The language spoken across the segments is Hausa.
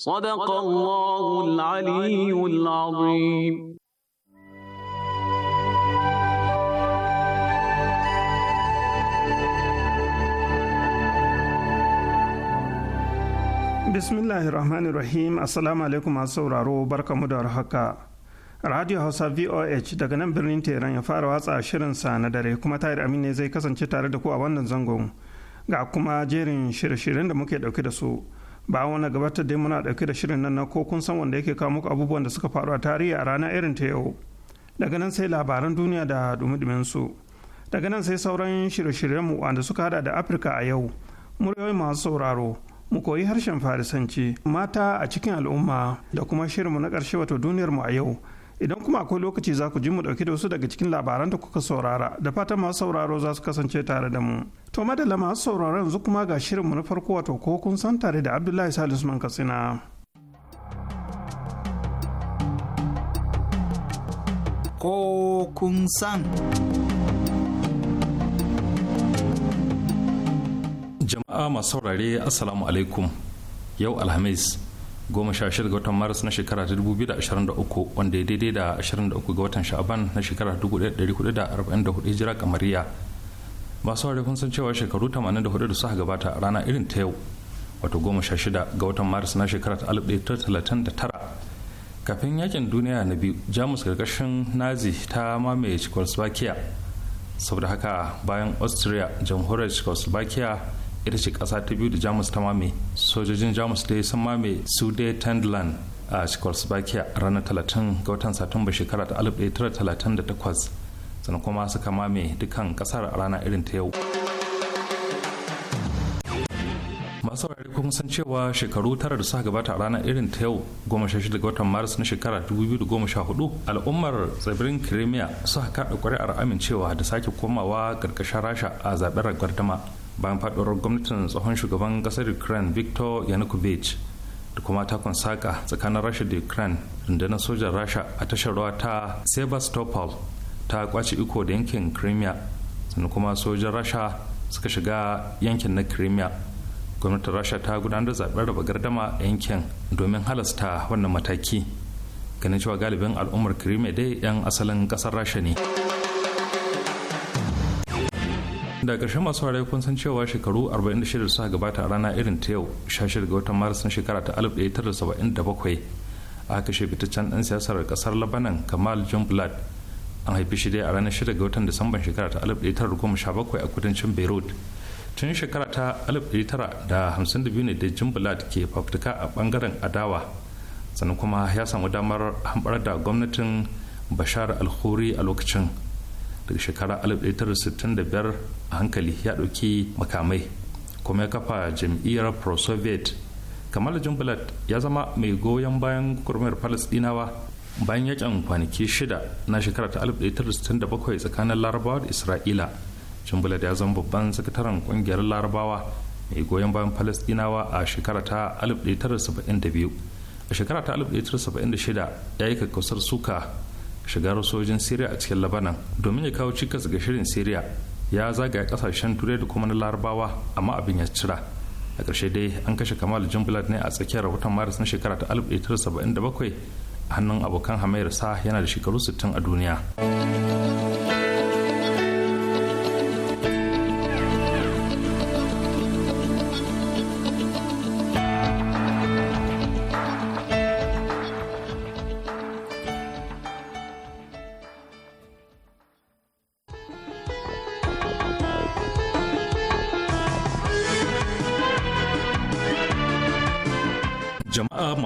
صدق الله العلي العظيم bismillahir rahmanir rahim assalamu masu sauraro barkamu da haka radio hausa voh daga nan birnin teran ya fara watsa shirinsa na dare kuma Tahir amin ne zai kasance tare da ku a wannan zangon ga kuma jerin shirye-shiryen da muke dauke da su ba wani gabatar da muna ɗauke da shirin nan ko kun san wanda yake kawo muku abubuwan da suka faru a tarihi a ranar irin ta yau daga nan sai labaran duniya da dumi su daga nan sai sauran shirye shiryen mu wanda suka hada da afirka a yau muryoyi masu sauraro mu koyi harshen farisanci mata a cikin al'umma da kuma shirin mu na ƙarshe wato duniyar mu a yau idan kuma akwai lokaci za ku ji mu dauke da wasu daga cikin labaran da kuka saurara da fatan masu sauraro za su kasance tare da mu to madalla masu sauraro yanzu kuma ga shirin mu na farko wato ko kun san tare da abdullahi salisu man katsina ko kun san jama'a masu saurare assalamu alaikum yau alhamis goma sha shida ga watan maris na shekara ta uku wanda ya daidai da ashirin da uku ga watan sha'aban na shekara dubu ɗaya da da arba'in hudu hijira kamariya masu ware kun san cewa shekaru tamanin da hudu da suka gabata a rana irin ta yau wato goma sha shida ga watan maris na shekara ta alif ɗaya da talatin tara. kafin yakin duniya na biyu jamus karkashin nazi ta mamaye czechoslovakia saboda haka bayan austria jamhuriyar czechoslovakia ita ce ƙasa ta biyu da jamus ta mame sojojin jamus dai sun mame sudetendland a czechoslovakia a ranar 30 ga watan satumba shekara ta 1938 sannan kuma suka mame dukkan kasar a rana irin ta yau masu saurari kuma san cewa shekaru tara da suka gabata a rana irin ta yau goma sha shida ga watan maris na shekara hudu al'ummar tsibirin crimea suka kaɗa ƙuri'ar amincewa da sake komawa ƙarƙashin rasha a zaɓen gardama bayan faɗuwar gwamnatin tsohon shugaban ƙasar ukraine victor yanukovych da kuma takon saka tsakanin rasha da ukraine rundunar sojan rasha a tashar ruwa ta sebastopol ta kwace iko da yankin crimea sannan kuma sojan rasha suka shiga yankin na crimea gwamnatin rasha ta gudanar da zaɓen raba gardama a yankin domin halasta wannan mataki ganin cewa galibin al'ummar crimea dai 'yan asalin ƙasar rasha ne. da ƙarshen masu harai kun san cewa shekaru 46 suka gabata a rana irin ta yau 16 ga watan maris na shekara ta 1977 a kashe fitaccen ɗan siyasar ƙasar labanan kamal blad an haifi shi dai a ranar 6 ga watan disamban shekara ta 1917 a kudancin beirut tun shekara ta 1952 ne da blad ke fafutuka a bangaren adawa sannan kuma ya samu damar hambar da gwamnatin bashar alkhuri a lokacin daga shekara 1965 a hankali ya ɗauki makamai kuma ya kafa jam'iyyar pro-soviet kamal jumbulat ya zama mai goyon bayan kurmiyar palestinawa bayan yakin kwanaki shida na shekara ta 1967 tsakanin larabawa da isra'ila jumbulat ya zama babban sakataren kungiyar larabawa mai goyon bayan palestinawa a shekara ta 1972 a shekara ta 1976 ya yi kakkausar suka shigar sojin siriya a cikin labanan domin ya kawo cikas ga shirin siriya ya zagaya kasashen turai da kuma na larabawa amma abin ya cira a ƙarshe dai an kashe kamal jimblad ne a tsakiyar rahoton maris na shekara ta 1977 a hannun abokan hamayar sa yana da shekaru 60 a duniya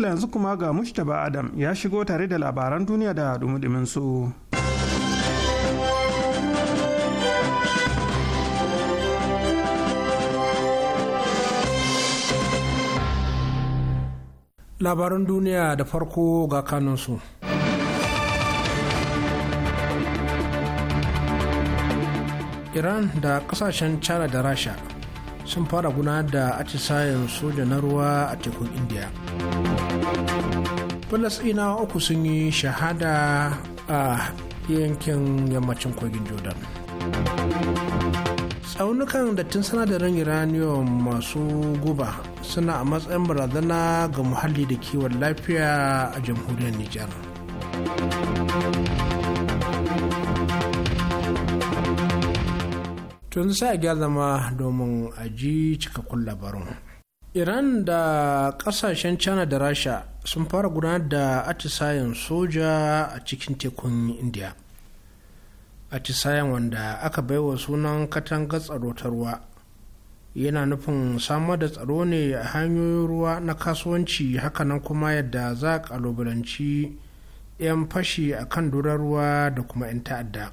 madala yanzu kuma ga Mustapha Adam ya shigo tare da labaran duniya da dumudumin su. Labaran duniya da farko ga su Iran da kasashen China da Rasha sun fara guna da atisayen soja na ruwa a tekun indiya falasɗinawa uku sun yi shahada a yankin yammacin kogin jordan tsaunukan dattin sanadarin Iranium masu guba suna a matsayin barazana ga muhalli da kiwon lafiya a jamhuriyar nijar tun sai a zama domin a ji cikakkun labarun. iran da kasashen china da rasha sun fara gudanar da atisayen soja a cikin tekun india atisayen wanda aka baiwa sunan katanga tsaro ta ruwa yana nufin samar da tsaro ne a hanyoyin ruwa na kasuwanci hakanan kuma yadda za a kalubalanci 'yan fashi a kan durar ruwa da kuma 'yan ta'adda.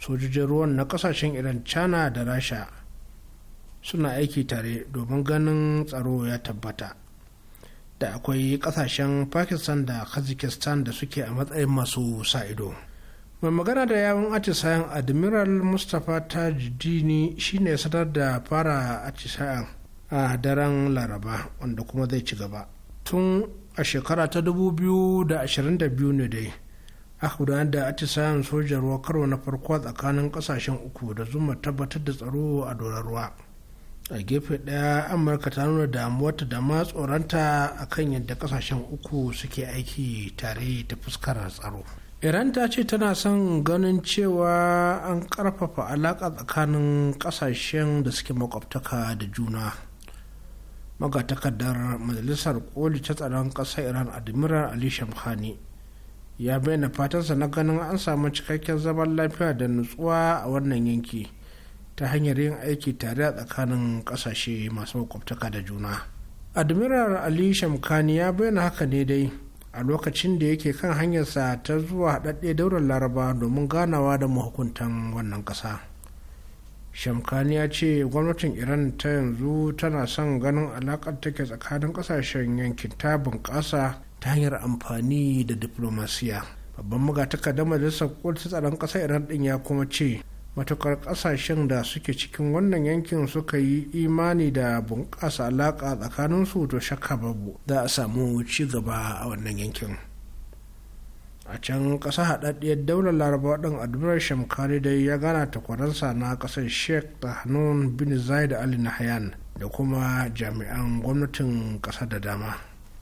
sojojin ruwan na kasashen iran china da rasha suna aiki tare domin ganin tsaro ya tabbata da akwai kasashen pakistan da kazakhstan da suke a matsayin masu sa ido mai magana da yawon atisayen admiral mustapha tajidini shine sanar da fara atisayen a daren laraba wanda kuma zai ci gaba tun a shekara ta 2022 ne dai A gudanar da atisayen sojan ruwa karo na farko tsakanin kasashen uku da zuma tabbatar da tsaro a doron ruwa a gefe ɗaya amurka ta nuna damuwarta da ma a kan yadda kasashen uku suke aiki tare ta fuskar tsaro iran ta ce tana son ganin cewa an karfafa alaƙa tsakanin ƙasashen da suke makwabtaka da juna magatakardar majalisar koli ta tsaron ƙasar iran admiral ali shamkhani ya bayyana fatansa na ganin an samu cikakken zaman lafiya da nutsuwa a wannan yanki ta hanyar yin aiki tare a tsakanin kasashe masu makwabtaka da juna admiral ali shamkani ya bayyana haka ne dai a lokacin da yake kan hanyarsa ta zuwa haɗaɗɗe daular laraba domin ganawa da mahukuntan wannan ƙasa shamkani ya ce gwamnatin iran ta yanzu tana son ganin alaƙar take tsakanin ƙasashen yankin ta bunƙasa ta hanyar amfani da diplomasiya babban magatakardar majalisar kwalta tsaron ƙasa iran din ya kuma ce matukar ƙasashen da suke cikin wannan yankin suka yi imani da bunƙasa alaƙa su to shakka babu za a samu ci gaba a wannan yankin a can ƙasa haɗaɗɗiyar daular laraba ɗin adubar shamkari da ya gana takwaransa na ƙasar sheikh hannun bin zaid ali nahyan da kuma jami'an gwamnatin ƙasa da dama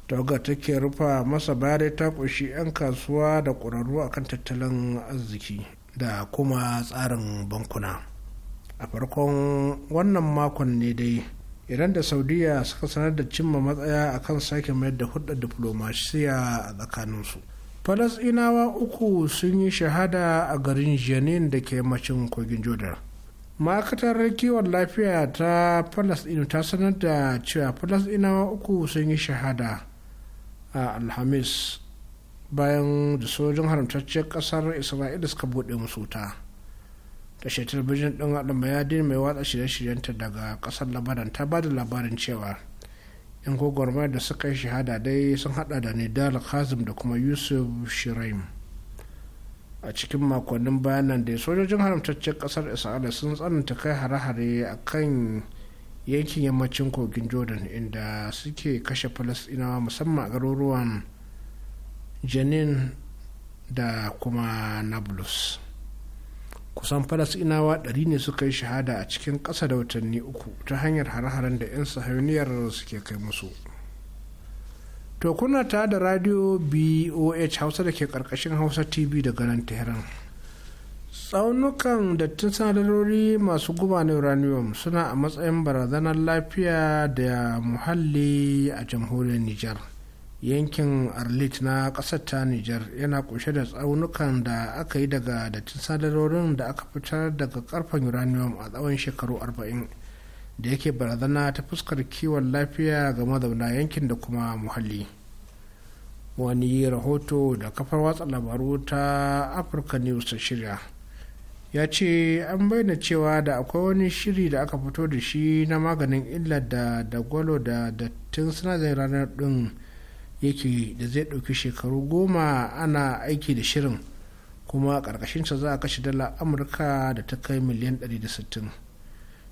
ta take rufa masa barai ta ƙunshi 'yan kasuwa da ƙwararru akan tattalin arziki da kuma tsarin bankuna a farkon wannan makon ne dai iran da saudiya suka sanar da cimma matsaya akan sake mayar da hudar diplomasiya a tsakaninsu falasɗinawa uku sun yi shahada a garin janin da ke macin kogin jordan ma'aikatar kiwon lafiya ta falasɗinu ta sanar da cewa falasɗinawa uku sun yi shahada a alhamis bayan da sojin haramtacciyar kasar isra'ila suka buɗe musu wuta tashar talabijin ɗin adam bayadin mai watsa shirye ta daga ƙasar labaran ta ba da labarin cewa yan gwagwarmayar da suka yi shahada dai sun hada da nidal kazim da kuma yusuf shiraim a cikin makonnin bayanan da sojojin haramtacciyar ƙasar isra'ila sun tsananta kai hare-hare a kan yankin yammacin kogin jordan inda suke kashe falasɗinawa musamman a garuruwan janin da kuma nablus kusan falasinawa ɗari ne suka yi shahada a cikin ƙasa da watanni uku ta hanyar hare-haren da 'yan sahuniyar suke kai musu to kuna ta da radio boh hausa da ke ƙarƙashin hausa tv daga nan tehran tsaunukan da sadarori masu guba na uranium suna a matsayin barazanar lafiya da muhalli a jamhuriyar niger yankin arlit na ƙasar ta niger yana kunshe da tsaunukan da aka yi daga dattin sadarorin da aka fitar daga karfen uranium a tsawon shekaru 40 da yake barazana ta fuskar kiwon lafiya ga mazauna yankin da kuma muhalli. wani rahoto da kafar watsa labaru ta africa news ta shirya ya ce an bayyana cewa da akwai wani shiri da aka fito da shi na maganin illar da dagwalo da dattin sinadarin ranar din yake da zai ɗauki shekaru goma ana aiki da shirin kuma ƙarƙashinsa za a kashe dala amurka da ta kai miliyan 160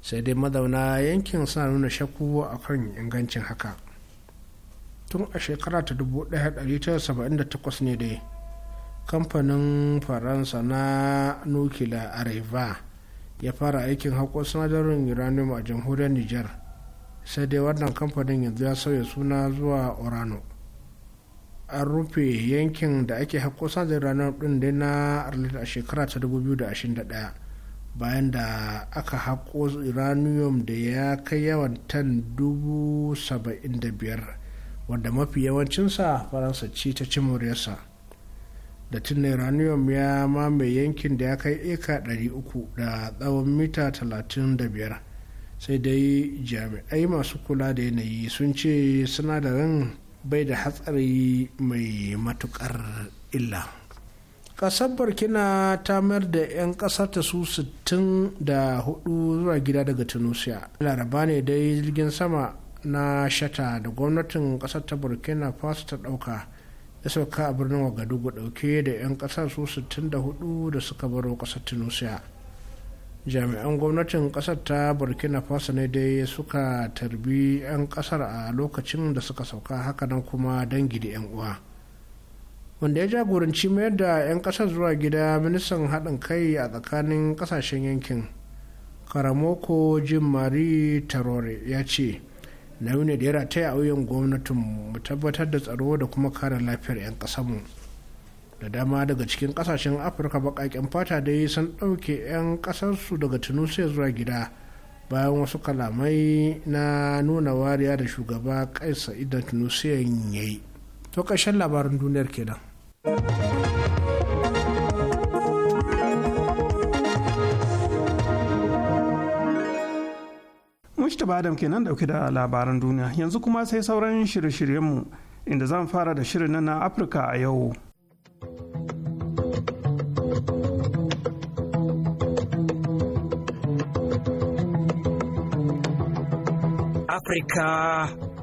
sai dai mazauna yankin suna nuna shakku a kan ingancin haka tun a shekara ta 1978 ne dai kamfanin faransa na nukila areva ya fara aikin haƙo sinadarin uranium a jamhuriyar niger sai dai wannan kamfanin yanzu ya sauya suna zuwa orano an rufe yankin da ake haƙo sinadarin uranium ɗin dai na a shekara ta 2021 bayan da aka haƙo uranium da ya kai yawan tan 75 wanda mafi yawancinsa faransa ce ta ci muryarsa. da tun uranium ya mamaye yankin da ya kai eka 300 da tsawon mita 35 sai dai jami'ai masu kula da yanayi sun ce sinadarin bai da hatsari mai matukar illa kasar burkina ta mayar da 'yan kasar ta su 64 zuwa gida daga tunisia laraba ne dai jirgin sama na shata da gwamnatin kasar ta burkina faso ta dauka ya sauka a birnin wagadugu dauke da 'yan kasar su 64 da suka baro kasar tunisia jami'an gwamnatin kasar ta burkina faso ne dai suka tarbi 'yan kasar a lokacin da suka sauka hakanan kuma dangi da 'yan uwa wanda ya jagoranci mayar da 'yan kasar zuwa gida ministan haɗin kai a tsakanin kasashen yankin karamoko jim marie tarore ya ce nauyi da ya rataya a wuyan gwamnatin mu tabbatar da tsaro da kuma kare lafiyar 'yan ƙasarmu da dama daga cikin ƙasashen afirka baƙaƙen fata dai sun ɗauke 'yan ƙasarsu daga tunisia zuwa gida bayan wasu kalamai na nuna wariya da shugaba kaisa idan tunisia yayi to ƙarshen labarin duniyar kenan. Mustapha Adam kenan dauke da labaran duniya yanzu kuma sai sauran shirye-shiryenmu inda zan fara da shirin na Afirka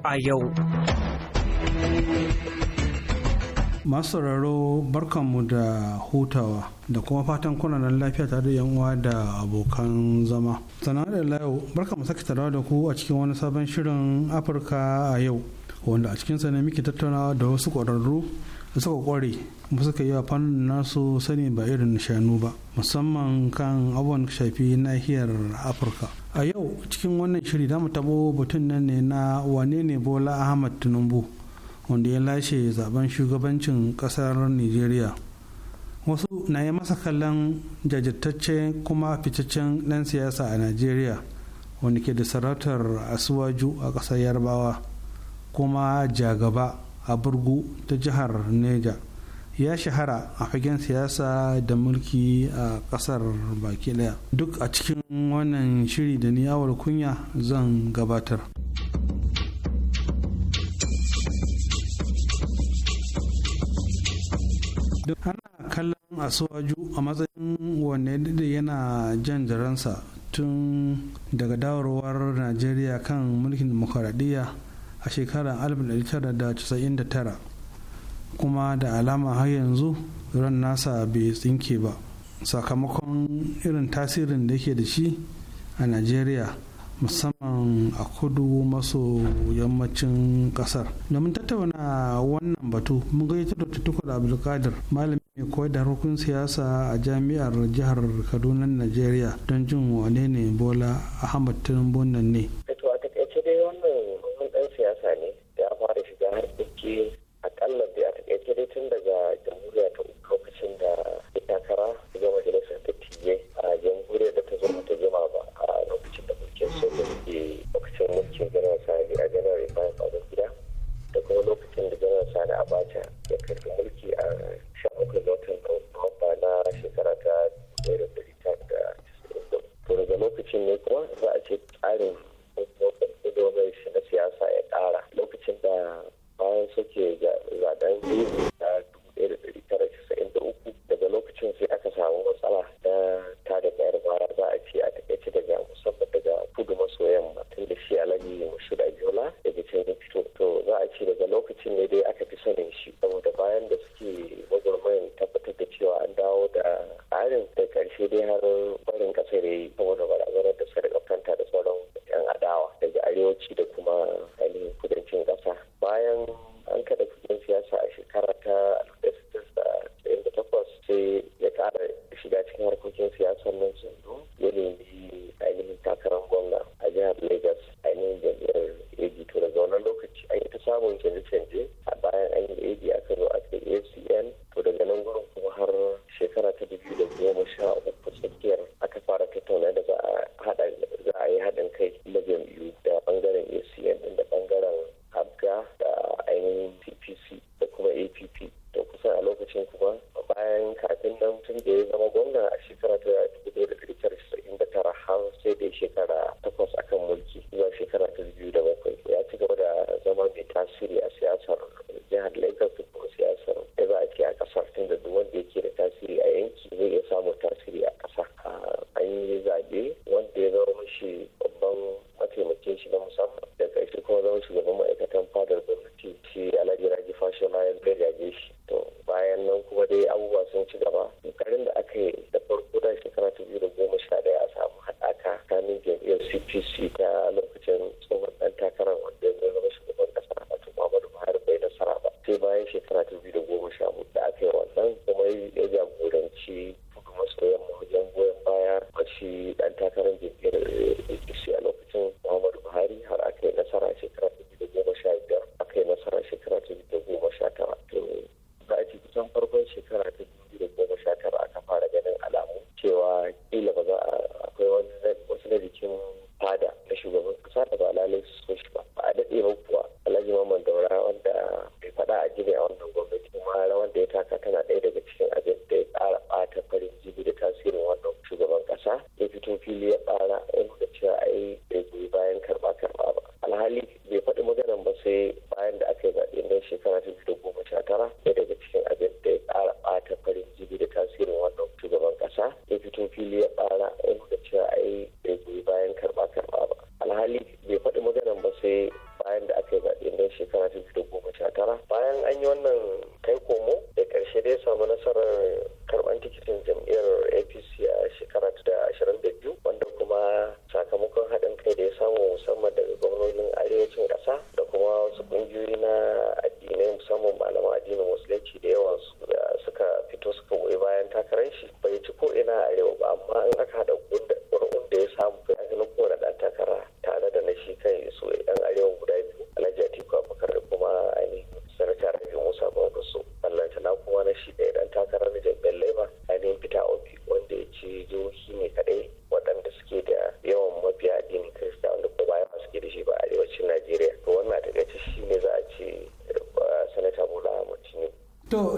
a yau. Afirka a yau. masu sauraro barkanmu da hutawa da kuma fatan kunanan lafiya tare da yan uwa da abokan zama sanar da layo barkanmu mu sake tarawa da ku a cikin wani sabon shirin afirka a yau wanda a cikinsa ne muke tattaunawa da wasu ƙwararru da suka ƙware kuma suka yi wa fannin nasu sani ba irin shanu ba musamman kan abubuwan shafi nahiyar afirka a yau cikin wannan shiri za mu tabo batun nan ne na wane ne bola ahmad tinubu wanda ya lashe zaben shugabancin kasar nigeria wasu na yi masa kallon jajirtacce kuma fitaccen ɗan siyasa a nigeria wanda ke da sarautar asuwaju a ƙasar yarbawa kuma jagaba a burgu ta jihar neja ya shahara a fagen siyasa da mulki a ƙasar baki ɗaya duk a cikin wannan shiri da ni awar kunya zan gabatar. ana kallon asuwaju a matsayin wanne da yana jan jaransa tun daga dawarwar najeriya kan mulkin demokuraɗiyya a shekarar 1999 kuma da alama har yanzu ran nasa bai tsinke ba sakamakon irin tasirin da yake da shi a najeriya musamman a kudu maso yammacin kasar domin tattauna wannan batu mun gaito da tutukul abdulkadir malami mai koyar da harkokin siyasa a jami'ar jihar kaduna najeriya don jin wane ne bola ahmad tinubu nan ne a takaice dai wannan dan siyasa ne da ya fara shiga harkoki kallon da a takaice dai tun daga abacha ya karfi mulki a sha watan na shekara ta ɗaya da daga lokacin ne kuma za a ce tsarin him.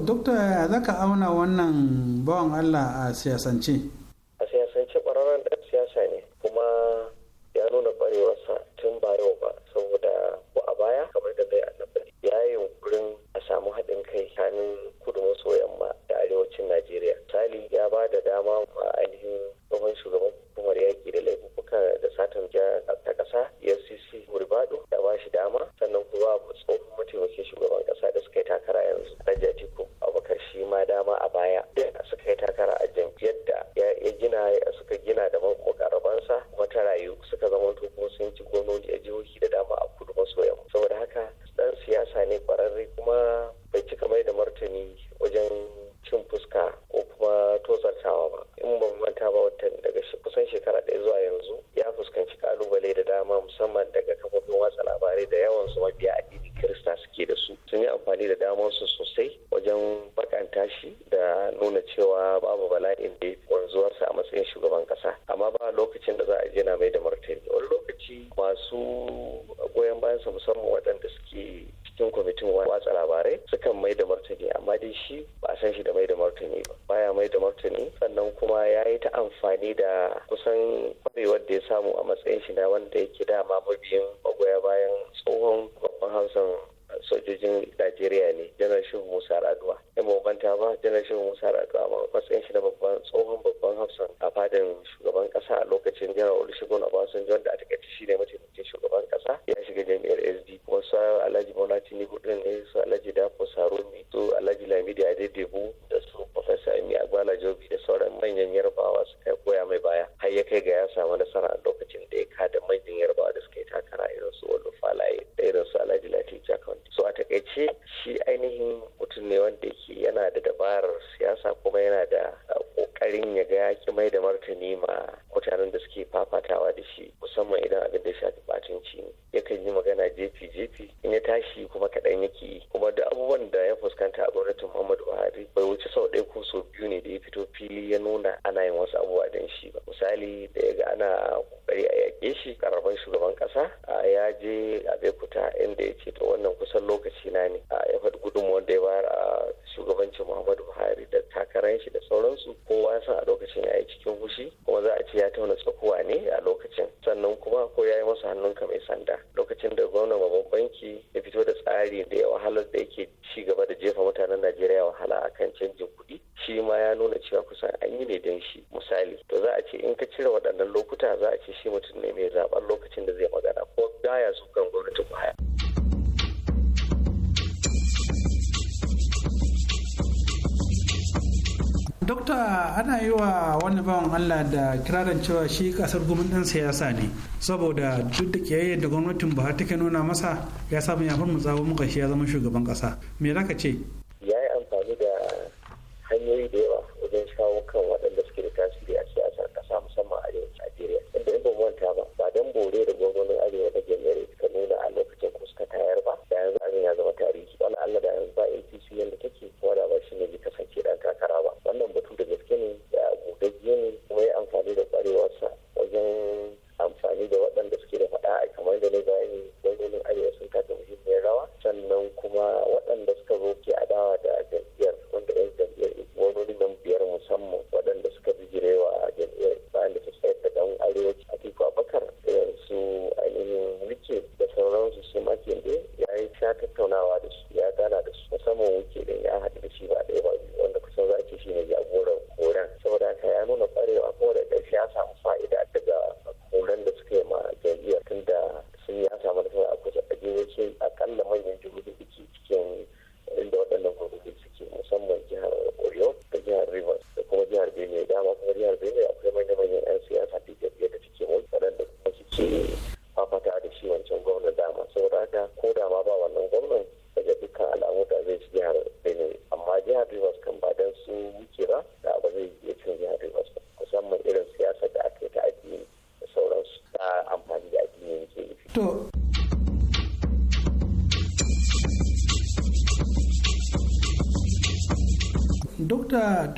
dokta za ka auna wannan bawan allah a siyasance c'est... cewa shi kasar ɗan siyasa ne saboda duk da kiyaye da gwamnatin buhari take nuna masa ya samu ya mu muka shi ya zama shugaban ƙasa me zaka ce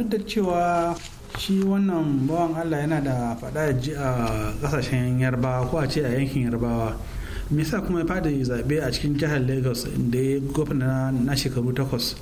duk da cewa shi wannan bawan allah yana da fada ji a kasashen yarbawa ko a ce a yankin yarbawa me sa kuma ya fada zaɓe a cikin jihar lagos da ya gwamna na shekaru takwas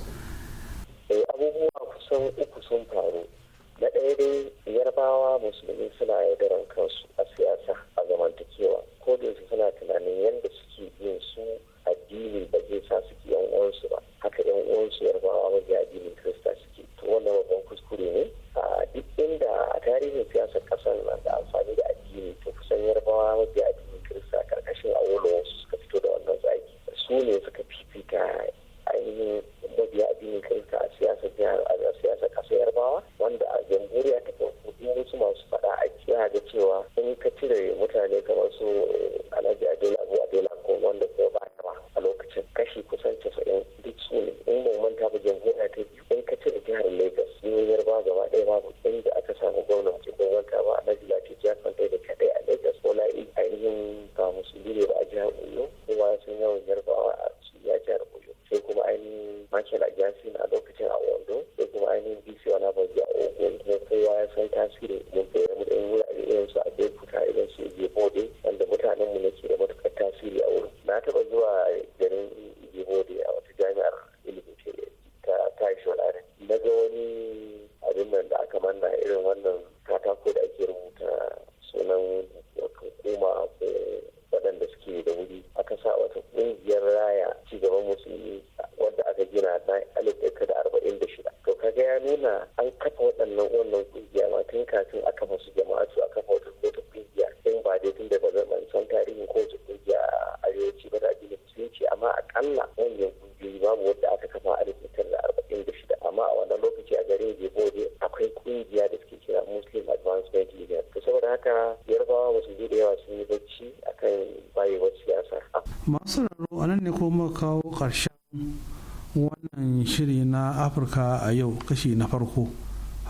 kashi na farko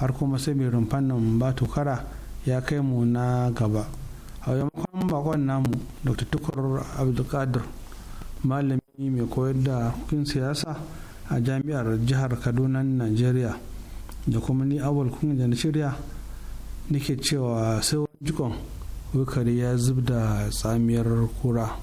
har kuma sai mai rumfan nan ba tukara ya kai mu na gaba a yamakon bakon namu dr tukur abdulkadir malami mai koyar da kukin siyasa a jami'ar jihar kaduna nigeria da kuma ni awal kun da na shirya nake cewa sai wani jikon wikari ya zub da tsamiyar kura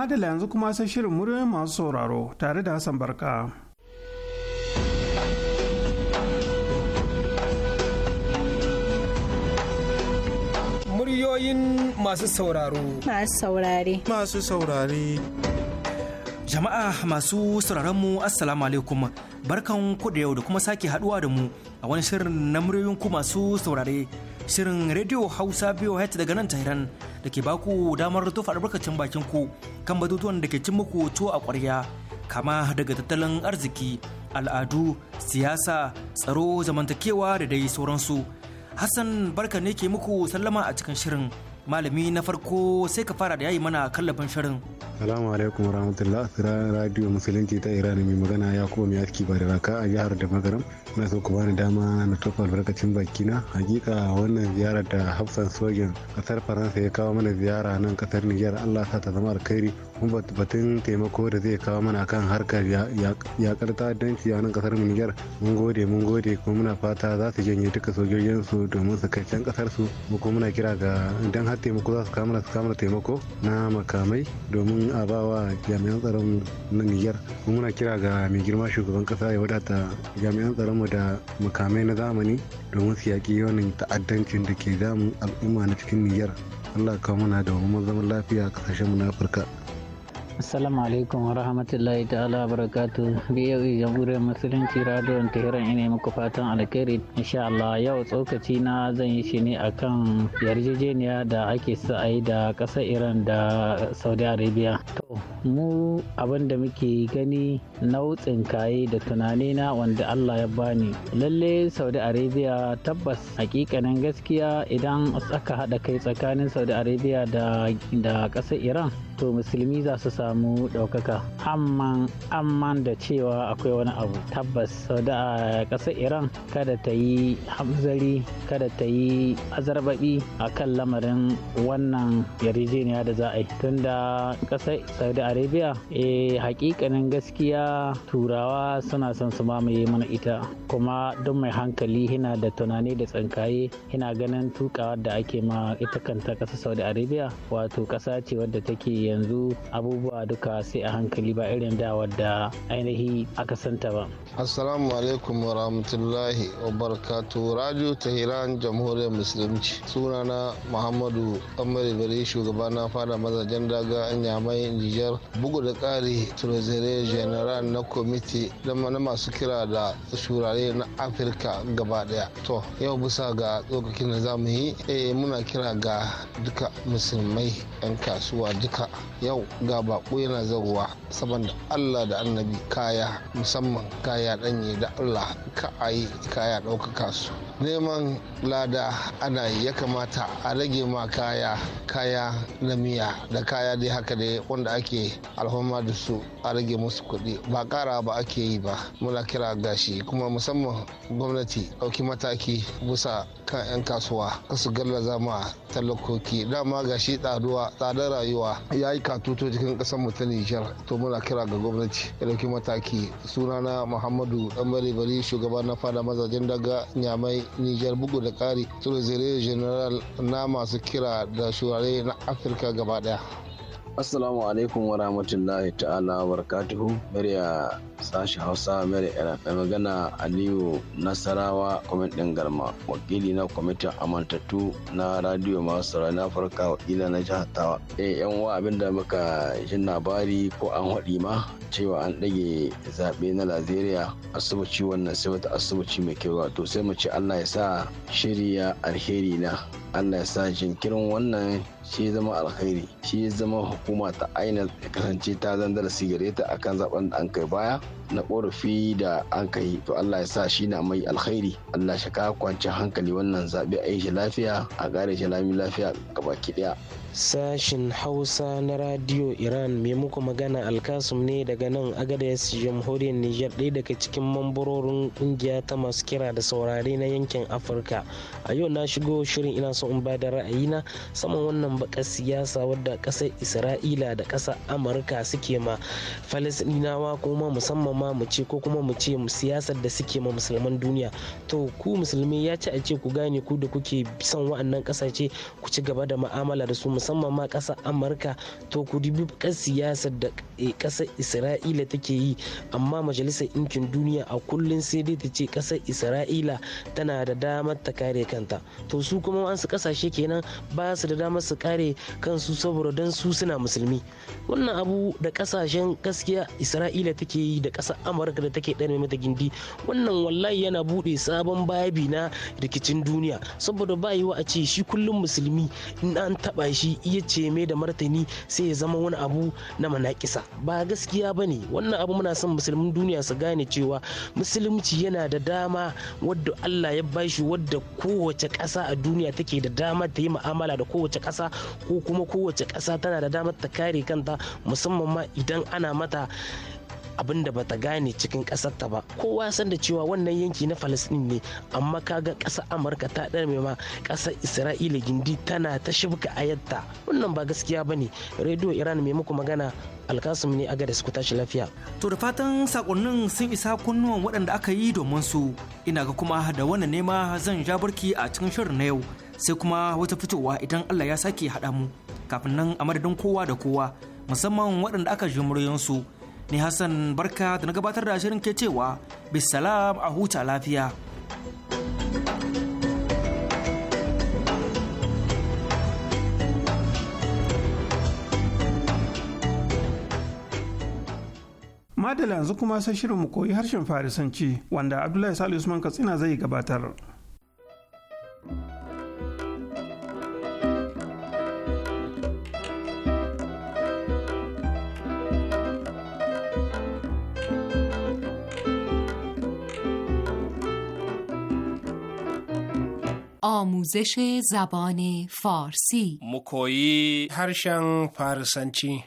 madala yanzu kuma sai shirin muryoyin masu sauraro tare da hassan barka muryoyin masu sauraro masu saurare masu saurare jama'a masu sauraron mu assalamu alaikum barkan ku da yau da kuma sake haduwa da mu a wani shirin na muryoyin ku masu saurare shirin radio hausa biyu daga nan tehran da ke baku damar tufa albarkacin bakin ku kan batutuwan da ke cin muku tuwo a kwarya kama daga tattalin arziki al'adu siyasa tsaro zamantakewa da dai sauransu hassan barka ne ke muku sallama a cikin shirin malami na farko sai ka fara da yayi mana kallafin shirin Salamu alaikum rahmatullah Sira Radio Musulunci ta Iran mai magana ya kuma mai aski ba da raka a jihar da magaram na so ku bani dama na tofa albarkacin bakina hakika wannan ziyarar da hafsan sojin kasar Faransa ya kawo mana ziyara nan kasar Niger Allah sa ta zama alkhairi batun taimako da zai kawo mana kan harkar yakar ta'addanci a nan kasar Niger mun gode mun gode kuma muna fata za su janye duka sojojin su domin su kai can kasar su mu kuma muna kira ga idan har taimako za su kawo su kawo taimako na makamai domin a ba wa jami'an tsaron na Niger kuma muna kira ga mai girma shugaban kasa ya wadata jami'an tsaron mu da makamai na zamani domin su yaki wannan ta'addancin da ke damun al'umma na cikin Niger Allah kawo mana da zaman lafiya a kasashen mu na Afirka Assalamu alaikum wa rahmatullahi ta'ala barakatu biyu jamhuriyar musulunci radiyon tehran ina muku fatan alkhairi insha Allah yau tsokaci na zan yi shi ne akan yarjejeniya da ake sa'ai da ƙasar Iran da Saudi Arabia mu abin da muke gani nautsin kaye da tunani na wanda Allah ya bani lalle Saudi Arabia tabbas hakikanin gaskiya idan aka haɗa kai tsakanin Saudi Arabia da da ƙasar Iran to musulmi za su samu ɗaukaka amma amman da cewa akwai wani abu tabbas Saudi a eh, ƙasar Iran kada ta yi hamzari kada ta yi azarbaɓi a kan lamarin wannan yarjejeniya da za a yi tunda ƙasar saudi arabia e hakikanin gaskiya turawa suna son su mamaye mana ita kuma don mai hankali yana da tunani da tsankaye yana ganin tukawa da ake ma ita kanta kasa saudi arabia wato ƙasa ce wadda take yanzu abubuwa duka sai a hankali ba irin da wadda ainihi aka santa ba assalamu alaikum wa rahmatullahi wa barakatuh radio jamhuriyar musulunci sunana muhammadu amari bari shugaba na fada mazajen daga an yamai Nijar bugu da ƙari Trezere General na kwamiti na masu kira da shurare na Afirka gaba daya. To yau bisa ga tsokakin da za mu yi eh muna kira ga duka musulmai 'yan kasuwa duka yau ga bako yana zagowa saboda Allah da annabi kaya musamman kaya ɗanye da Allah ka a yi kaya ɗaukaka su. Neman lada ana ya kamata a rage ma kaya kaya na miya da kaya dai haka dai wanda ake alfama da su a rage musu kuɗi ba ƙara ba ake yi ba muna kira gashi kuma musamman gwamnati ɗauki mataki busa kan 'yan kasuwa kasu gallaza ma talakoki dama gashi tsaduwa tsadar rayuwa ya yi katuto cikin ƙasar mu ta nijar to muna kira ga gwamnati ya ɗauki mataki sunana muhammadu dan bari shugaban shugaba na fada mazajen daga nyamai nijar bugu da ƙari tsoro general na masu kira da shurare na afirka gaba daya. Assalamu alaikum wa rahmatullahi ta'ala wa barakatuhu. Murya sashi Hausa Murya magana Aliyu Nasarawa kwamit din Garma. Wakili na kwamitin amantattu na radiyo masu na farka wakila na jihar Tawa. Eh yan uwa abinda muka jin labari ko an haɗi ma cewa an ɗage zaɓe na Najeriya asibiti wannan sai wata asibiti mai kyau to sai mu ce Allah ya sa shirya alheri na. Allah ya sa jinkirin wannan shi ya zama alkhairi shi ya zama hukuma ta aina ya kasance ta zandar sigareta kan zaben da an kai baya na korafi da an kai to Allah ya sa shi na mai alkhairi Allah shi ka kwanci hankali wannan zaɓe a yi shi lafiya a gare shi lami lafiya gabaki ɗaya sashen hausa na radio iran mai muku magana alkasum ne daga nan agadez jamhuriyar niger ɗaya daga cikin mambarorin kungiya ta masu kira da saurare na yankin afirka a yau na shigo shirin ina son in ba da ra'ayina saman wannan baka siyasa wadda ƙasar isra'ila da ƙasar amurka suke ma falasɗinawa kuma musamman ma mu ce ko kuma mu ce siyasar da suke ma musulman duniya to ku musulmi ya ci a ce ku gane ku da kuke son wa'annan ƙasashe ku ci gaba da ma'amala da su musamman ma ƙasar amurka to ku dubi siyasar da eh, ƙasar isra'ila take yi amma majalisar ɗinkin duniya a kullum sai dai ta ce ƙasar isra'ila tana da damar ta kare kanta to su kuma wasu ƙasashe kenan ba su da damar su kare kansu saboda don su suna musulmi wannan abu da ƙasashen gaskiya isra'ila take yi da ƙasar amurka da take ɗan mata gindi wannan wallahi yana buɗe sabon babi na rikicin duniya saboda ba yiwa a ce shi kullum musulmi in an taɓa shi iya ce mai da martani sai ya zama wani abu na manakisa ba gaskiya ba ne wannan abu muna son musulmin duniya su gane cewa musulunci yana da dama wadda allah ya bashi wadda kowace ƙasa a duniya take da dama ta yi mu'amala da kowace ƙasa ko kuma kowace ƙasa tana da damar ta kare kanta musamman ma idan ana mata abin da bata gane cikin kasar ta ba kowa san da cewa wannan yanki na falastin ne amma kaga ƙasar amurka ta ɗarme ma ƙasar isra'ila gindi tana ta shibka ayatta wannan ba gaskiya ba ne rediyo iran mai muku magana alkasum ne aga da suka tashi lafiya to da fatan sakonnin sun isa kunnuwan waɗanda aka yi domin su ina ga kuma da wannan nema zan ja barki a cikin shirin na yau sai kuma wata fitowa idan allah ya sake haɗa mu kafin nan a madadin kowa da kowa musamman waɗanda aka ji muryansu su Ni Hassan barka da na gabatar da shirin ke cewa bisalam a huta lafiya. Madala yanzu kuma sai shirin mu koyi harshen Farisanci wanda Abdullahi Salisu Usman Katsina zai gabatar. آموزش زبان فارسی مکویی هرشن فارسنچی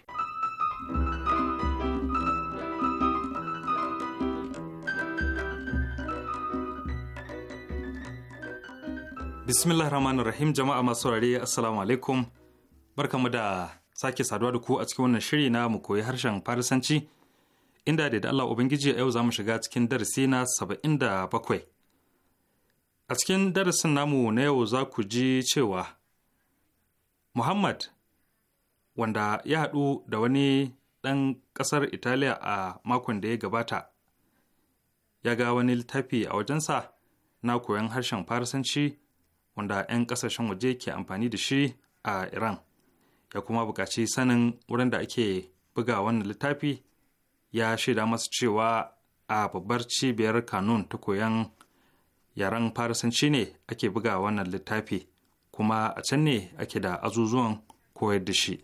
Bismillah Rahman Rahim jama'a masu saurare Assalamu alaikum. Barkamu da sake saduwa da ku a cikin wannan shiri na mu koyi harshen Farisanci. Inda da Allah Ubangiji yau za mu shiga cikin darasi na saba'in da bakwai A cikin darasin namu na yau za ku ji cewa Muhammad wanda ya haɗu da wani ɗan ƙasar Italiya a makon da ya gabata, ya ga wani littafi a wajensa na koyon harshen Farisanci wanda 'yan ƙasashen waje ke amfani da shi a Iran, ya kuma buƙaci sanin wurin da ake buga wannan littafi ya shaida masu cewa a babbar cibiyar kanun ta koyon yaren farisanci ne ake buga wannan littafi kuma a can ne ake da azuzuwan koyar da shi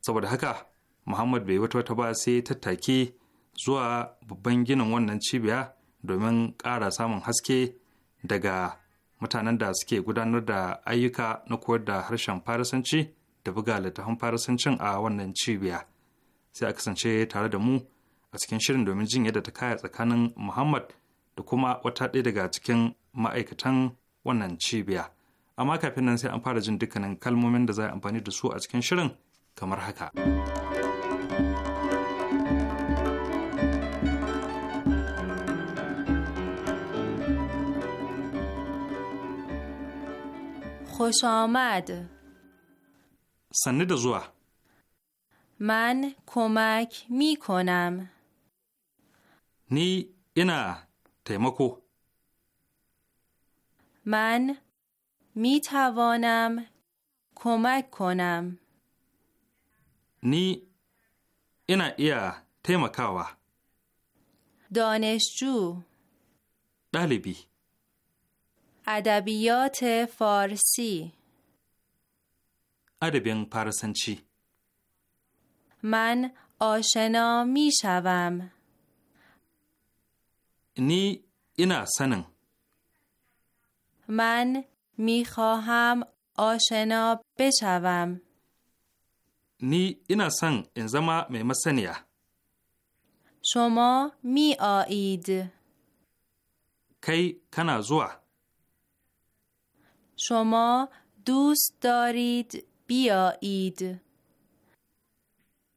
saboda haka muhammad bai wata wata ba sai tattaki zuwa babban ginin wannan cibiya domin ƙara samun haske daga mutanen da suke gudanar da ayyuka na koyar da harshen farisanci da buga littafin farisancin a wannan cibiya sai a kasance tare da mu a cikin shirin domin jin yadda ta kaya tsakanin muhammad da kuma wata ɗaya daga cikin ma'aikatan wannan cibiya amma kafin nan sai an fara jin dukkanin kalmomin da za a amfani da su a cikin shirin kamar haka خوش آمد zuwa. زوا من کمک می کنم نی اینا taimako. Man mitawanam komakonam. Ni ina iya taimakawa. Donesju. Ɗalibi. Adabiyot farsi. Adabin farsanci. Man آشنا می شوم. نی اینا سنن من میخواهم آشنا بشوم نی اینا سن انزما مسنیا. شما می آیید کی کنا زوا شما دوست دارید بیایید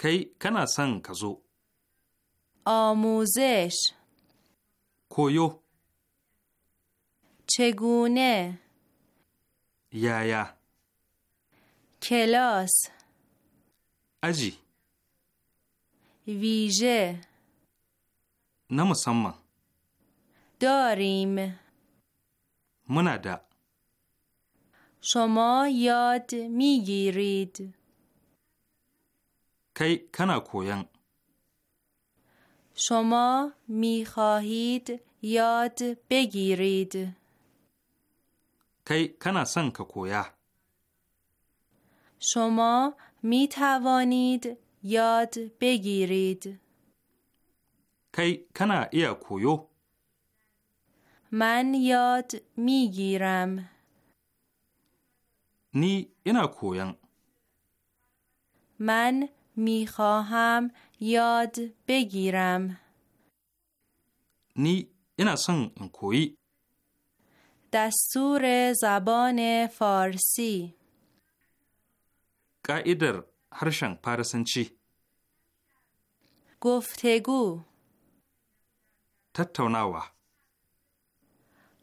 کی کنا سن کزو آموزش کویو چگونه یایا کلاس اجی ویژه نه مسمم داریم منادا شما یاد میگیرید کی کنا کویان شما می خواهید یاد بگیرید کی کنا سن کویا شما می توانید یاد بگیرید کی کنا ایا کویو من یاد می گیرم نی اینا کویان من می خواهم یاد بگیرم نی اینا سن کوی دستور زبان فارسی قایدر هرشن پارسنچی گفتگو تتوناوا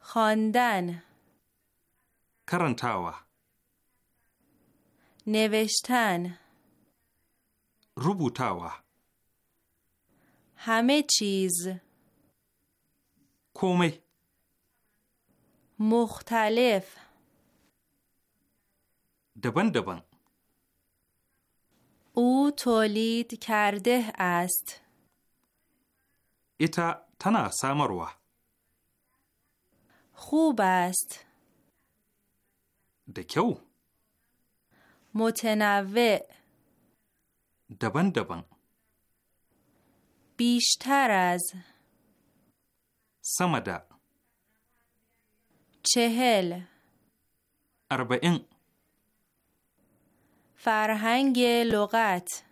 خواندن کرنتاوا نوشتن روبوتاوا همه چیز کومه مختلف دبن دبن او تولید کرده است ایتا تنا سامروا خوب است دکو متنوع دبن دبن بیشتر از سمدا چهل اربعین فرهنگ لغت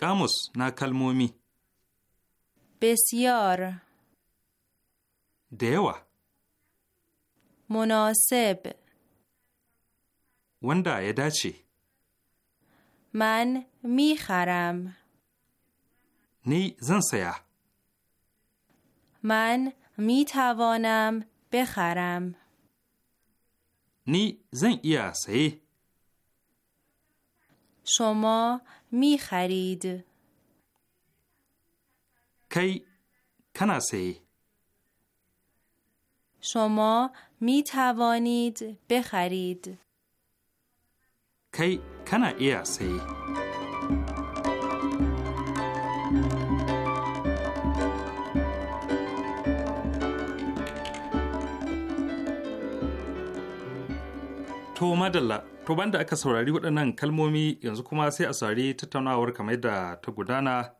قاموس نا کلمومی بسیار دیوا مناسب وندا یا من میخرم نی زن سیه من می توانم بخرم نی زن ایا شما می خرید کی کنا سیه شما می توانید بخرید کی کنا ایا To madalla, to banda aka saurari waɗannan kalmomi yanzu kuma sai a saurari tattaunawar kamar da ta gudana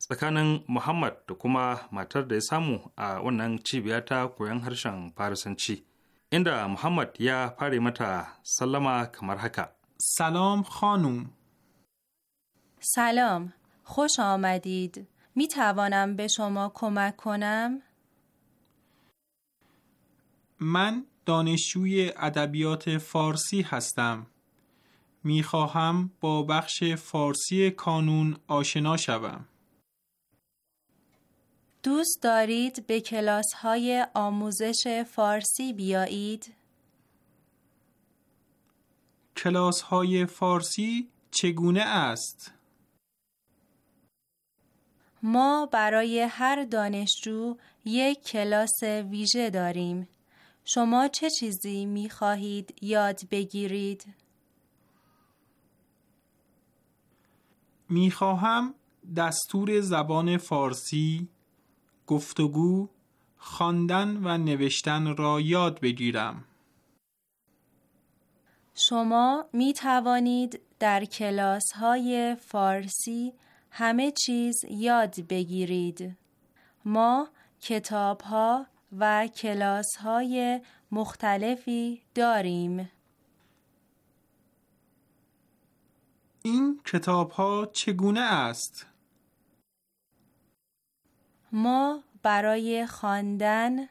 tsakanin Muhammad da kuma matar da ya samu a wannan cibiya ta koyon harshen Farisanci. inda Muhammad ya fare mata sallama kamar haka. سلام خانم سلام خوش آمدید می توانم به شما کمک کنم؟ من دانشجوی ادبیات فارسی هستم. می خواهم با بخش فارسی کانون آشنا شوم. دوست دارید به کلاس های آموزش فارسی بیایید؟ کلاس های فارسی چگونه است؟ ما برای هر دانشجو یک کلاس ویژه داریم. شما چه چیزی می خواهید یاد بگیرید؟ می خواهم دستور زبان فارسی، گفتگو، خواندن و نوشتن را یاد بگیرم. شما می توانید در کلاس های فارسی همه چیز یاد بگیرید. ما کتاب ها، و کلاس های مختلفی داریم. این کتاب ها چگونه است؟ ما برای خواندن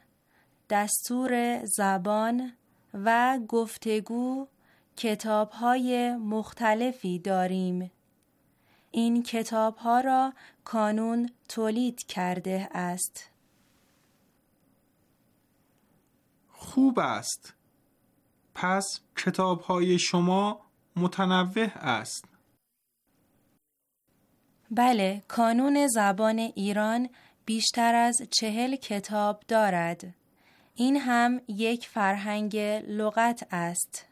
دستور زبان و گفتگو کتاب های مختلفی داریم. این کتاب ها را کانون تولید کرده است. خوب است. پس کتاب های شما متنوع است. بله، کانون زبان ایران بیشتر از چهل کتاب دارد. این هم یک فرهنگ لغت است.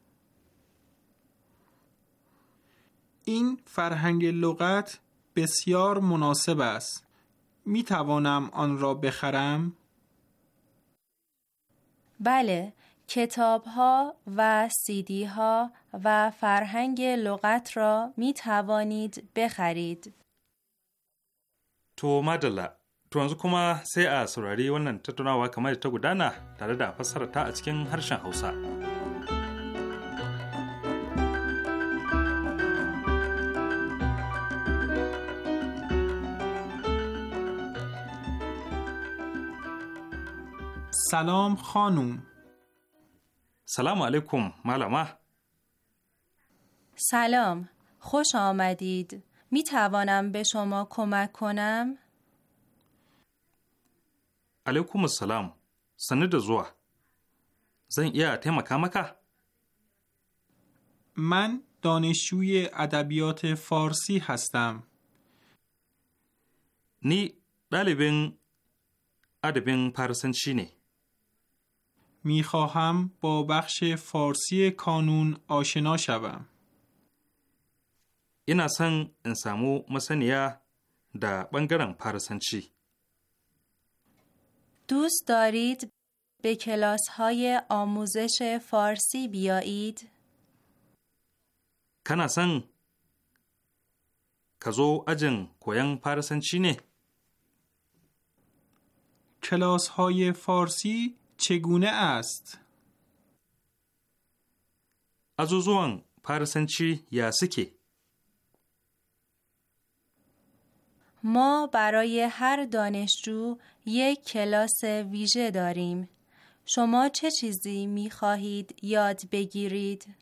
این فرهنگ لغت بسیار مناسب است. می توانم آن را بخرم؟ بله کتاب ها و سیدی ها و فرهنگ لغت را می توانید بخرید. تو مدلا تو از کما سی سوراری ونن تتوناوا واکمه تا گدانا تا دا پسر تا اچکن هرشن حوصا. سلام خانوم سلام علیکم ملما سلام خوش آمدید می توانم به شما کمک کنم؟ علیکم السلام سند زوا زن یا تیمکا مکا من دانشجوی ادبیات فارسی هستم نی بین ادبین فارسنچی چینی می خواهم با بخش فارسی کانون آشنا شوم. این سن انسامو سامو masaniya دا پرسنچی. دوست دارید به کلاس های آموزش فارسی بیایید؟ کن سن کزو اجن کوین پارسنچی نه؟ کلاس های فارسی چگونه است؟ عزوزوان پارسنچی یا که ما برای هر دانشجو یک کلاس ویژه داریم. شما چه چیزی می خواهید یاد بگیرید؟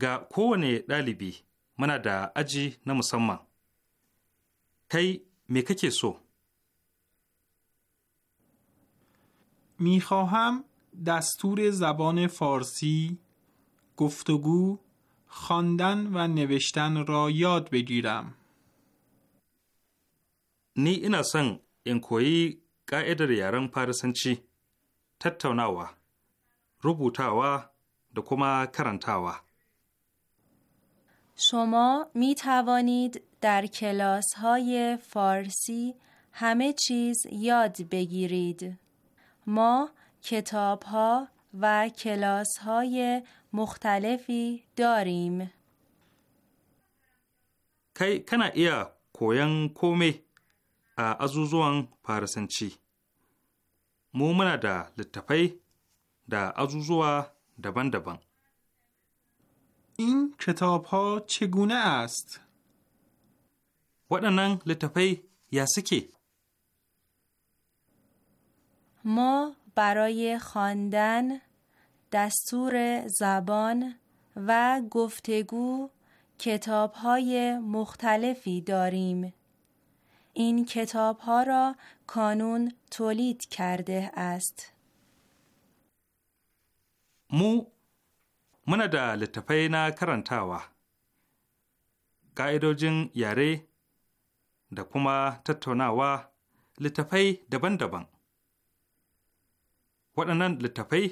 گا کوونه دالیبی منا دا اجی نمسمم. کی می که سو؟ میخواهم دستور زبان فارسی گفتگو خواندن و نوشتن را یاد بگیرم نی اینا سن این کویی قاعده یارن فارسنچی tattaunawa rubutawa دکوما کرنتاوا شما می توانید در کلاس های فارسی همه چیز یاد بگیرید. ما کتاب ها و کلاس های مختلفی داریم. کی کنا ایا کویان کومی ا ازوزوان پارسنچی. مو منا دا littafai دا azuzuwa دبن این کتاب ها چگونه است؟ waɗannan littafai ya suke? ما برای خواندن دستور زبان و گفتگو کتاب های مختلفی داریم. این کتاب ها را کانون تولید کرده است. مو مندا لتفینا کرانتاوا قایدو جن یاره دا کما تتوناوا لتفی دبن دبن waɗannan littattafai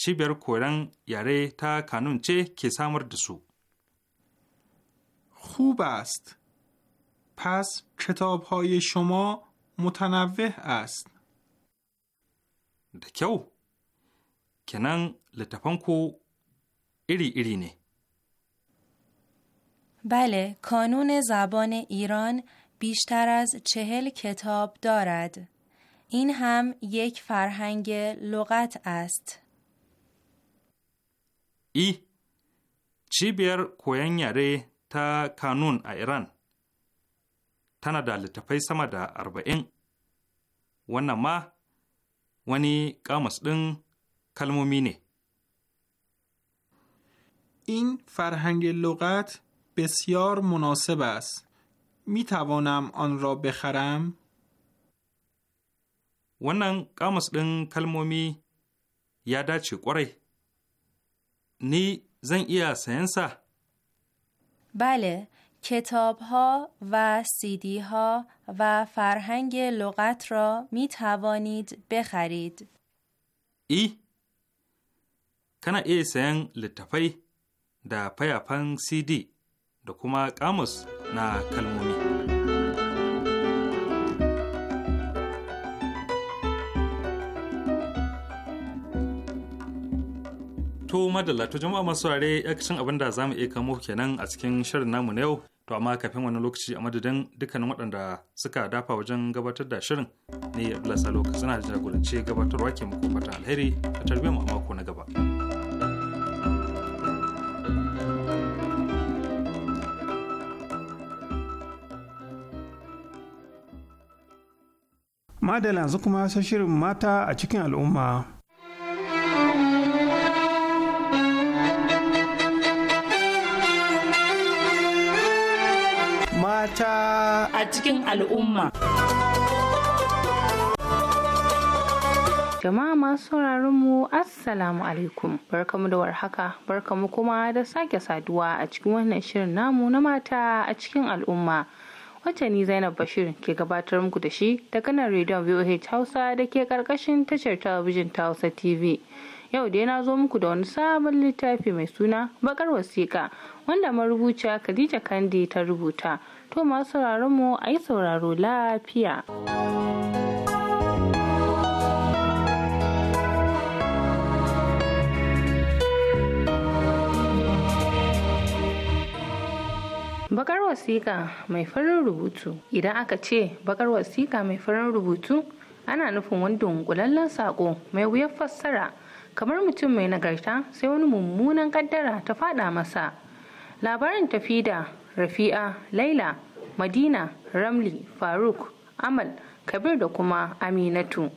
cibiyar koren یاره تا کانون چه که سامر دسو خوب است پس کتاب های شما متنوع است دکیو کنن لطفان کو ایری ایری نه بله کانون زبان ایران بیشتر از چهل کتاب دارد این هم یک فرهنگ لغت است. ای چی بیر کوین تا کانون ایران تنا دا لطفه سما دا اربعین وانا ما کامس دن کلمو مینه این فرهنگ لغت بسیار مناسب است. می توانم آن را بخرم؟ wannan kamus ɗin kalmomi ya dace kwarai. Ni zan iya sayansa? Bale, کتاب ها و سیدی ها و فرهنگ لغت را می kana iya sayan littattafai da fayafan cd da kuma kamus na kalmomi. To madalla to jama'a masu ware yakacin abin da zamu iya kamo kenan a cikin shirin namu na yau. To amma kafin wani lokaci a madadin dukkanin waɗanda suka dafa wajen gabatar da shirin ne bula Salo Katsina da jagorance gabatarwa ke muku fata alheri a tarbiyyar mu a mako na gaba. Madalla yanzu kuma sai shirin mata a cikin al'umma. ta a cikin al'umma. Jama'a masu sauraron mu Assalamu alaikum barkamu da warhaka barkamu kuma da sake saduwa a cikin wannan shirin namu na mata a cikin al'umma. Wacce ni Zainab Bashir ke gabatar muku da shi ta kanar rediyon VOH Hausa da ke karkashin tashar talabijin ta Hausa TV. Yau dai na zo muku da wani sabon littafi mai suna Bakar Wasiƙa wanda marubuciya Khadija Kandi ta rubuta To masu mu a yi sauraro lafiya. Bakar wasiƙa mai farin rubutu. Idan aka ce bakar wasiƙa mai farin rubutu ana nufin wani dunkulallen saƙo mai wuyar fassara kamar mutum mai nagarta sai wani mummunan kaddara ta faɗa masa. Labarin da. rafi'a laila madina ramli faruk amal kabir da kuma aminatu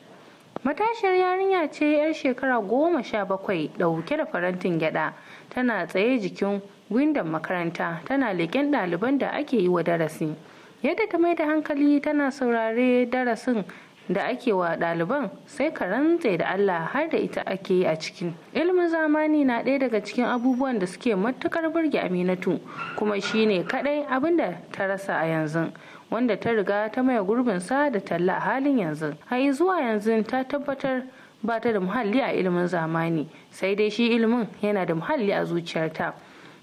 matashiyar yarinya ce 'yar shekara goma sha bakwai dauke da farantin gyada tana tsaye jikin windon makaranta tana leƙen ɗaliban da ake yi wa darasi yadda ta mai da hankali tana saurare darasin da ake wa ɗaliban sai ka rantse da Allah har da ita ake yi a cikin. Ilimin zamani na ɗaya daga cikin abubuwan da suke matukar burge Aminatu kuma shine kaɗai abin da ta rasa a yanzu. wanda ta riga ta maye sa da talla a halin yanzu. Hai zuwa yanzu ta tabbatar ba ta da muhalli a ilimin zamani sai dai shi ilimin yana da muhalli a zuciyarta.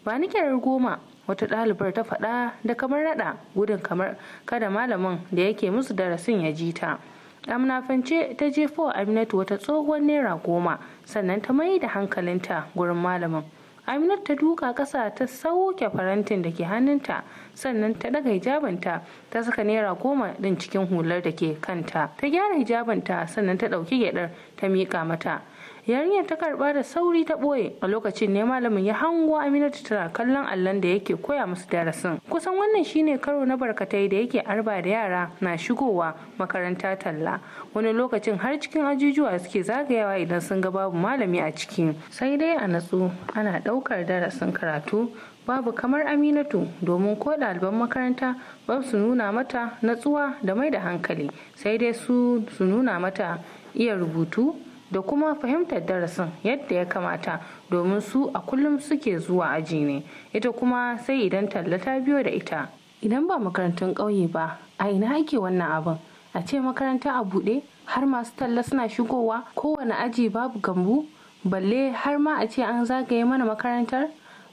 Ba ni goma wata ɗalibar ta faɗa da kamar raɗa gudun kamar kada malamin da yake musu darasin ya ji ta. a munafance ta jefo aminatu wata tsohuwar naira goma sannan ta mai da hankalinta gurin malamin aminatu ta duka kasa ta sauke farantin da ke hannunta sannan ta daga hijabanta ta saka naira goma din cikin hular da ke kanta ta gyara hijabanta sannan ta ɗauki gyaɗar ta miƙa mata yarinyar ta karba da sauri ta boye a lokacin ne malamin ya hango aminatu tana kallon allon da yake koya musu darasin kusan wannan shine karo na barkatai da yake arba da yara na shigowa makaranta talla wani lokacin har cikin ajujuwa suke zagayawa idan sun ga babu malami a ciki sai dai a natsu ana daukar darasin karatu babu kamar aminatu domin ko ɗaliban makaranta ba su nuna mata natsuwa da mai da hankali sai dai su nuna mata iya rubutu da kuma fahimtar darasin yadda ya kamata domin su a kullum suke zuwa aji ne ita kuma sai idan talla ta biyo da ita idan ba makarantun ƙauye ba a ina ake wannan abin a ce makaranta a buɗe har masu talla suna shigowa kowane aji babu gambu balle har ma a ce an zagaye mana makarantar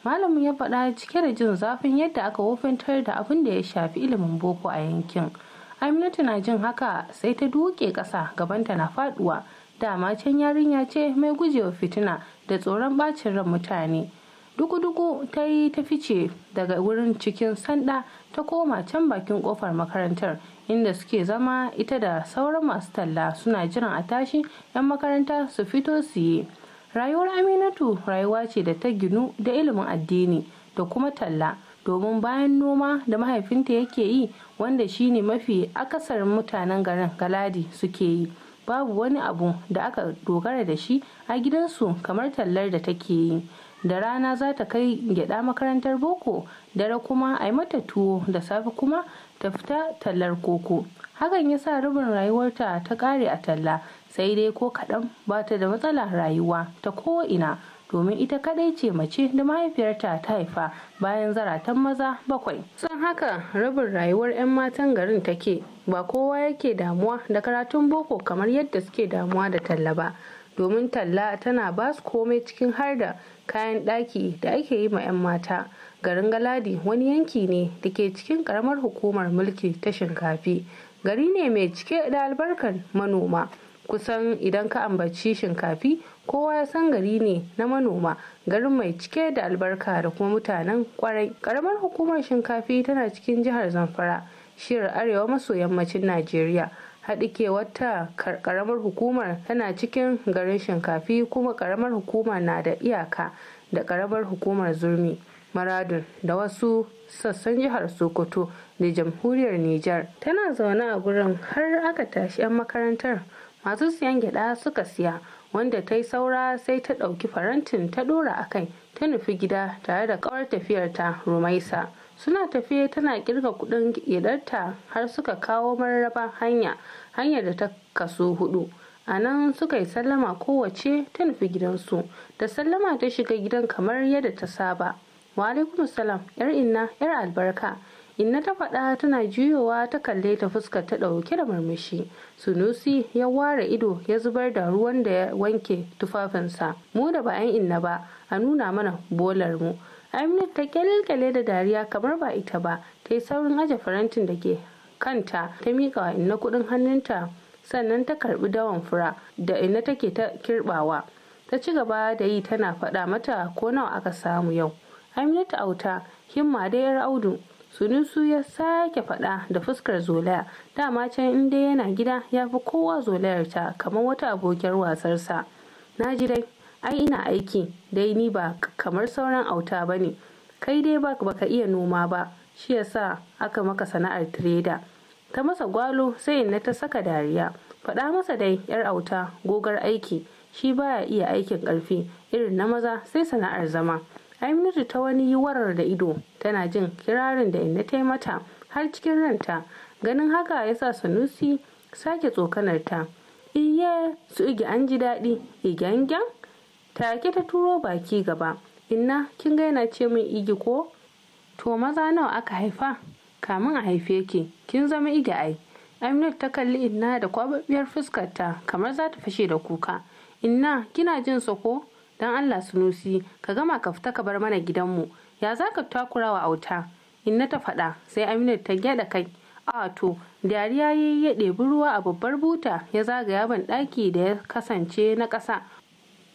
malamin ya faɗa cike da jin zafin yadda aka wofintar da abin da ya shafi ilimin boko a yankin aminatu na jin haka sai ta duke ƙasa gabanta na faɗuwa dama can yarinya ce mai gujewa fitina da tsoron bacin ran mutane duku-duku ta yi ta fice daga wurin cikin sanda ta koma can bakin kofar makarantar inda suke zama ita da sauran masu talla suna jiran a tashi 'yan makaranta su fito su yi rayuwar aminatu rayuwa ce da ta ginu da ilimin addini da kuma talla domin bayan noma da mahaifinta yake yi wanda shine mafi akasar mutanen garin galadi suke yi babu wani abu da aka dogara da shi a gidansu kamar tallar da take yi da rana za ta kai gyada makarantar boko dare kuma a yi mata tuwo da safe kuma ta fita tallar koko hakan ya sa rubin rayuwarta ta kare a talla sai dai ko kaɗan ba ta da matsala rayuwa ta ko ina domin ita kadai ce mace da mahaifiyarta ta haifa bayan zaratan maza bakwai Sun haka rabin rayuwar 'yan matan garin take ba kowa yake damuwa da karatun boko kamar yadda suke damuwa da talla ba domin talla tana ba su komai cikin har da kayan ɗaki da ake yi ma 'yan mata garin galadi wani yanki ne da ke cikin karamar hukumar mulki ta shinkafi gari ne mai cike da albarkar manoma kusan idan ka ambaci shinkafi kowa ya san gari ne na manoma garin mai cike da albarka da kuma mutanen kwarai karamar hukumar shinkafi tana cikin jihar zamfara shirar arewa maso yammacin najeriya haɗike wata karamar hukumar tana cikin garin shinkafi kuma karamar hukumar na da iyaka da karamar hukumar zurmi maradun da wasu sassan jihar sokoto da jamhuriyar niger tana zaune a gurin har aka tashi 'yan makarantar masu siyan gyada suka siya wanda ta yi saura sai ta ɗauki farantin ta ɗora a kai ta nufi gida tare da kawar tafiyarta rumaisa suna tafiye tana kirga kudin gidarta har suka kawo mararraba hanya hanyar da ta kaso hudu a nan suka yi sallama kowace ta nufi gidansu da sallama ta shiga gidan kamar yadda ta saba wa salam yar inna yar albarka inna ta faɗa tana juyowa ta kalle ta fuskar ta ɗauke da murmushi sunusi ya ware ido ya zubar da ruwan da ya wanke tufafinsa mu da ba inna ba a nuna mana bolar mu aminat ta kyalkyale da dariya kamar ba ita ba ta yi saurin aje farantin da ke kanta ta miƙa wa inna kuɗin hannunta sannan ta karɓi dawan fura da inna take ta kirɓawa ta ci gaba da yi tana faɗa mata ko nawa aka samu yau Aminatu auta himma da audu sunusu ya sake faɗa da fuskar zolaya dama can inda yana gida ya fi kowa zolayar ta kamar wata abokiyar wasarsa na ji dai ai ina aiki dai ni ba kamar sauran auta ba ne kai dai ba baka iya noma ba shi ya sa aka maka sana'ar tireda ta masa gwalo sai na ta saka dariya faɗa masa dai yar auta gogar aiki shi baya iya aikin ƙarfi irin na maza sai sana'ar zama Aminatu ta wani warar da ido tana jin kirarin da inna ta mata har cikin ranta ganin haka ya sa Sanusi sake tsokanar ta. iya su igi an ji daɗi igyangen take ta turo baki gaba inna kin ga yana ce min igi ko to maza nawa aka haifa Kamun a haife ki kin zama igi ai Aminat ta kalli inna da kwababbiyar fuskarta kamar za ta fashe da kuka inna kina jin sa ko don allah sunusi ka gama ka fita ka bar mana gidanmu ya za ka takura wa auta in na ta faɗa sai aminu ta gyaɗa kai a to dariya ya yi ya ɗebi ruwa a babbar buta ya zagaya ban ɗaki da ya kasance na ƙasa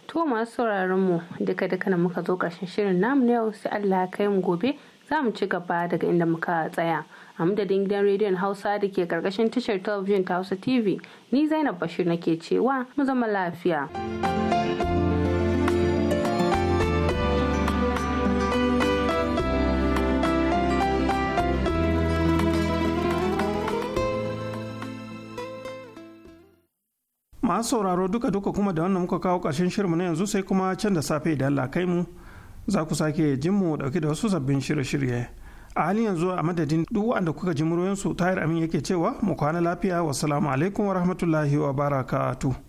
to masu sauraron mu duka duka da muka zo ƙarshen shirin namu na yau sai allah kai mu gobe za mu ci gaba daga inda muka tsaya a madadin gidan rediyon hausa da ke karkashin tashar talabijin ta hausa tv ni zainab bashir nake cewa mu zama lafiya. masu sauraro duka duka kuma da wannan muka kawo ƙarshen shirinmu na yanzu sai kuma can da safe idan Allah kai mu za ku sake jin mu dauke da wasu sabbin shirye-shirye a halin yanzu a madadin duk wanda kuka ji muryoyinsu tahir amin yake cewa mu kwana lafiya wasalamu alaikum wa rahmatullahi wa barakatuh